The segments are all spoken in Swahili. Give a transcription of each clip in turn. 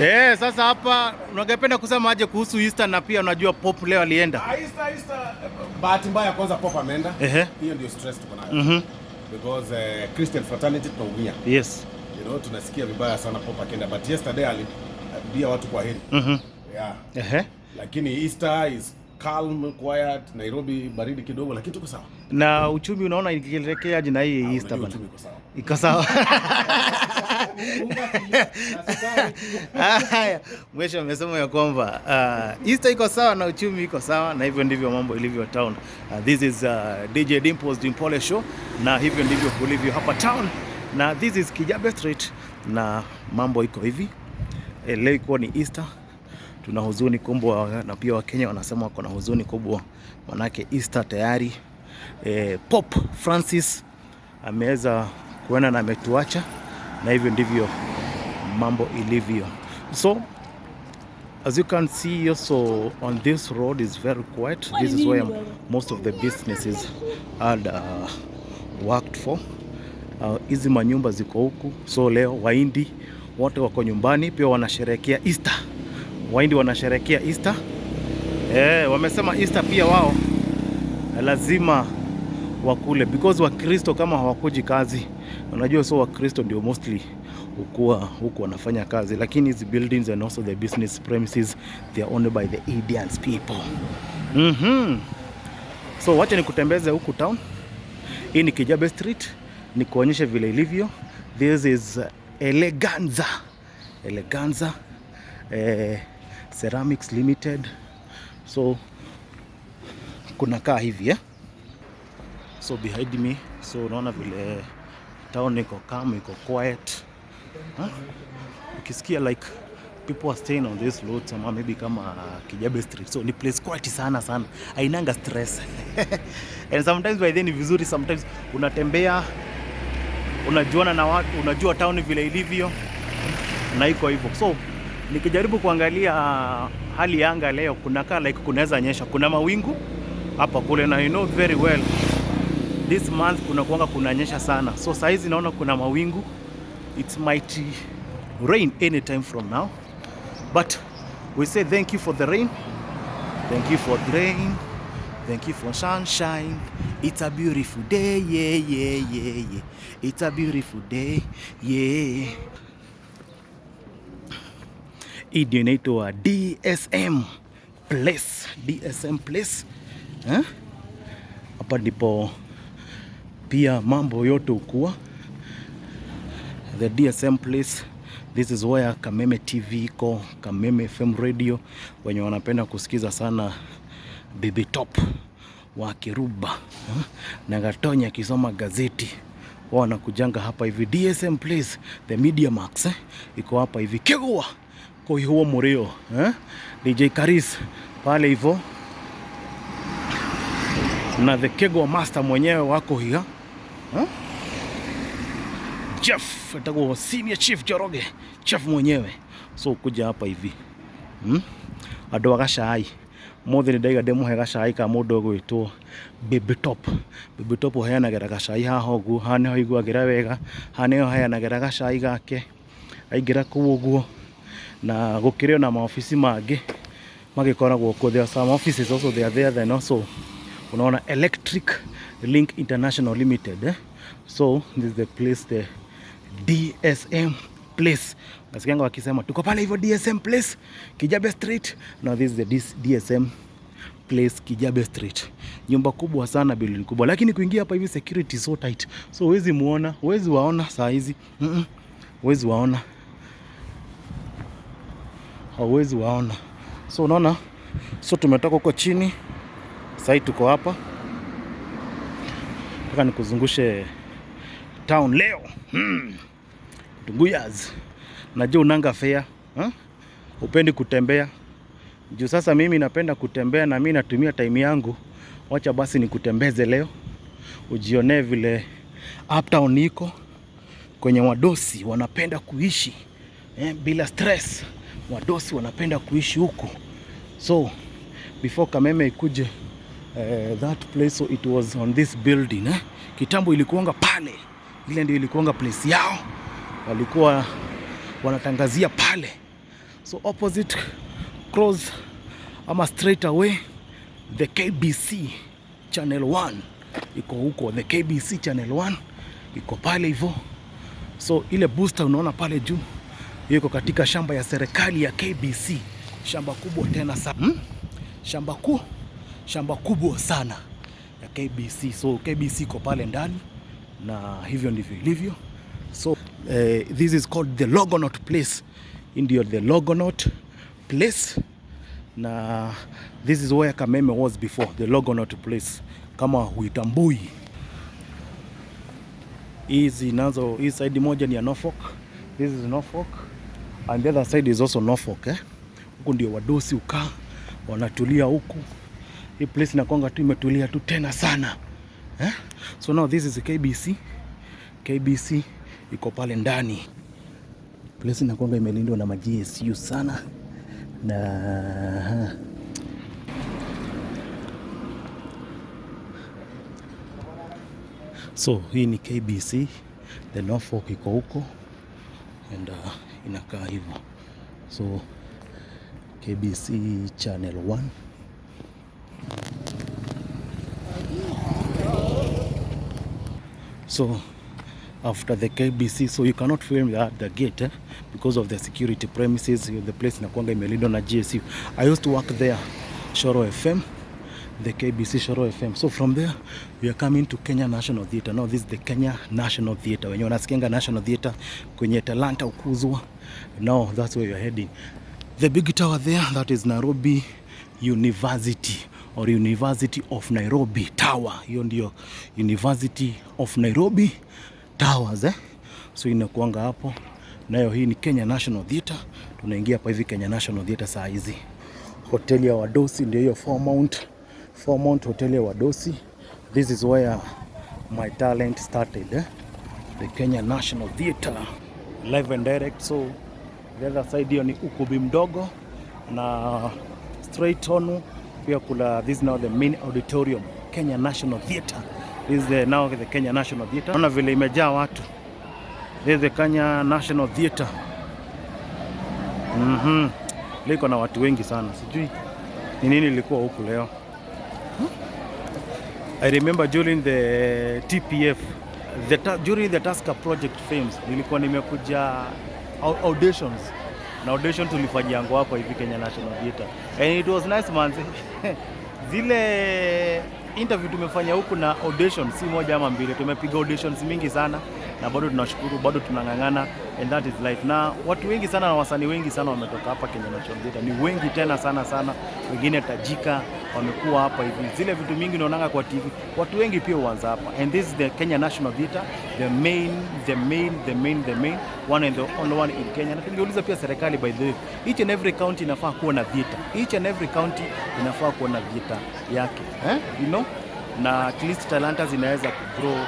Eh, sasa hapa ungependa kusema aje kuhusu Easter na pia unajua Pop leo alienda? Ah, Easter Easter eh, bahati mbaya kwanza Pop ameenda. Hiyo ndio stress tuko nayo. Mhm. Because uh, Christian fraternity tunaumia. Yes. You know, tunasikia vibaya sana Pop akienda but yesterday alibia watu kwa heri. Mhm. Yeah. Eh Ehe. Lakini Easter is calm, quiet, Nairobi baridi kidogo lakini tuko sawa. Na uchumi unaona ikielekea jina hii ah, Easter bana. Iko sawa. Haya, mwisho amesema ya kwamba uh, Easter iko sawa na uchumi iko sawa, na hivyo ndivyo mambo ilivyo town. Uh, this is uh, DJ Dimples Dimpole show, na hivyo ndivyo kulivyo hapa town, na this is Kijabe Street, na mambo iko hivi. Leo ikuwa ni Easter, tuna huzuni kubwa, na pia Wakenya wanasema wako na huzuni kubwa, manake Easter tayari. pop eh, Pope Francis ameweza kuenda na ametuacha na hivyo ndivyo mambo ilivyo. So as you can see also on this road is very quiet. This is where most of the businesses had uh, worked for. Uh, hizi uh, manyumba ziko huku, so leo Wahindi wote wako nyumbani, pia wanasherehekea Easter. Wahindi wanasherehekea Easter. Eh, wamesema Easter pia wao lazima wa kule because Wakristo kama hawakuji kazi, unajua so Wakristo ndio mostly hukuwa huku wanafanya kazi, lakini hizi buildings and also the business premises they are owned by the Indians people. mm -hmm. So wacha nikutembeze huku town. Hii ni Kijabe Street, nikuonyeshe vile ilivyo. This is Eleganza, Eleganza eh, Ceramics Limited. So kuna kaa hivi eh? so behind me, so unaona vile eh, town iko calm, iko quiet huh? Ukisikia like people are staying on this road ama maybe kama Kijabe Street, so ni place quiet sana sana, ainanga stress and sometimes by then ni vizuri, sometimes unatembea unajuana na watu, unajua town vile ilivyo na iko hivyo so nikijaribu kuangalia ah, hali ya anga leo, kunakaa like kunaweza nyesha, kuna mawingu hapa kule, na you know very well this month kuna kuanga kunanyesha sana, so saa hizi naona kuna mawingu, it might rain any time from now, but we say thank you for the rain, thank you for the rain, thank you for sunshine. It's a beautiful day, yeah, yeah, yeah, yeah. It's a beautiful day, yeah. Hii ndio inaitwa DSM Place, DSM Place. Hapa ndipo pia mambo yote ukua the DSM place. This is where Kameme TV iko, Kameme FM radio, wenye wanapenda kusikiza sana the, the Top wa Kiruba na Gatonya akisoma gazeti wao wanakujanga hapa hivi DSM place the Media Max eh? iko hapa hivi Kegua koi huo Murio eh? DJ Karis pale hivyo na the Kegua master mwenyewe wako hiya Chef hmm? atakuwa senior chief Joroge, chef mwenyewe, so kuja hapa hivi hmm? Andå agacai mothe nä ndaiga ndä må he gacai ka må ndå å baby top baby top å heanagä ra gacai ha ho gu ha ne ho iguagä ra wega Ha ne ho yana ra gacai gake aingä ra kå u å guo na gå kä rä ona maobici mangä magä koragwo kå thea maobici unaona Electric Link International Limited eh? So this is the place, the DSM place. Nasikianga wakisema tuko pale hivyo DSM place Kijabe Street. Now this is the DSM place Kijabe Street. Nyumba kubwa sana, building kubwa, lakini kuingia hapa hivi security so tight, so huwezi muona, huwezi waona saa hizi mm huwezi -mm. waona hauwezi waona, so unaona, so tumetoka huko chini sasa tuko hapa, nataka nikuzungushe town leo hmm. Tunguyaz, najua unanga fea ha? Hmm? Upendi kutembea juu sasa mimi napenda kutembea na mimi natumia time yangu. Wacha basi nikutembeze leo ujionee vile uptown iko kwenye wadosi wanapenda kuishi eh, bila stress. Wadosi wanapenda kuishi huku, so before Kameme ikuje Eh, that place so it was on this building eh? Kitambo ilikuanga pale, ile ndio ilikuanga place yao, walikuwa wanatangazia pale, so opposite cross ama straight away the KBC channel 1 iko huko, the KBC channel 1 iko pale hivyo. So ile booster unaona pale juu iko katika shamba ya serikali ya KBC, shamba kubwa tena sana, hmm? shamba kuu shamba kubwa sana ya KBC. So KBC iko pale ndani na hivyo ndivyo ilivyo. So uh, this is called the Logonaut place. Hii ndio the Logonaut place na this is where Kameme was before, the Logonaut place. Kama huitambui, hizi nazo, hii side moja ni ya Norfolk. This is Norfolk and the other side is also Norfolk, eh? Huku ndio wadosi ukaa wanatulia huku hii place inakwanga tu imetulia tu tena sana eh? So now this is KBC. KBC iko pale ndani, place inakwanga imelindwa na maGSU sana na uh-huh. so hii ni KBC, the Norfolk iko huko and uh, inakaa hivyo so KBC channel 1 so after the KBC so you cannot film at the gate eh, because of the security premises the place inakwanga imelindwa na GSU. I used to work there Shoro FM the KBC Shoro FM so from there we are coming to Kenya National Theatre now this is the Kenya National Theatre when wenye wanasikianga National Theatre kwenye Talanta ukuzwa now that's where you are heading the big tower there that is Nairobi University or University of Nairobi Tower. Hiyo ndio University of Nairobi Towers eh? So inakuanga hapo nayo. Hii ni Kenya National Theatre, tunaingia hapa hivi Kenya National Theatre saa hizi. Hoteli ya Wadosi ndio hiyo Fairmount, Fairmount hoteli ya Wadosi. This is where my talent started eh? The Kenya National Theatre live and direct. So the other side hiyo ni ukumbi mdogo na straight on pia kuna this now the main auditorium Kenya National Theatre. This is the, now the Kenya National Theatre. Naona vile imejaa watu. This is the Kenya National Theatre. Mhm. Liko na watu wengi sana. Sijui ni nini lilikuwa huku leo. I remember during the TPF the, during the Tusker project films nilikuwa nimekuja auditions na audition tulifanyia ngo hapo hivi Kenya National Theatre. And it was nice man. Zile interview tumefanya huku na audition si moja ama mbili, tumepiga auditions mingi sana na bado tunashukuru, bado tunang'ang'ana, and that is life. Na watu wengi sana na wasanii wengi sana wametoka hapa Kenya National Theatre, ni wengi tena sana sana, wengine tajika wamekuwa hapa hivi. Zile vitu mingi naonanga kwa TV, watu wengi pia huanza hapa, and this is the Kenya National Theatre, the main the main the main the main one and the only one in Kenya. Na tungeuliza pia serikali, by the way, each and every county inafaa kuwa na theatre, each and every county inafaa kuwa na theatre yake eh? you know na at least talanta zinaweza kugrow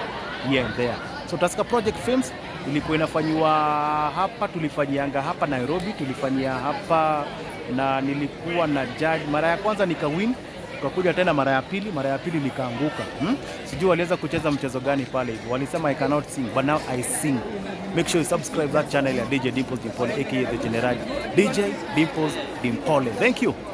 here and there So Tusker Project Films ilikuwa inafanyiwa hapa, tulifanyianga hapa Nairobi, tulifanyia hapa na nilikuwa na judge mara ya kwanza nikawin, tukakuja tena mara ya pili, mara ya pili nikaanguka. Hmm? Sijui waliweza kucheza mchezo gani pale hivyo. Walisema I cannot sing but now I sing. Make sure you subscribe that channel ya DJ Dimples Dimpole aka the General. DJ Dimples Dimpole. Thank you.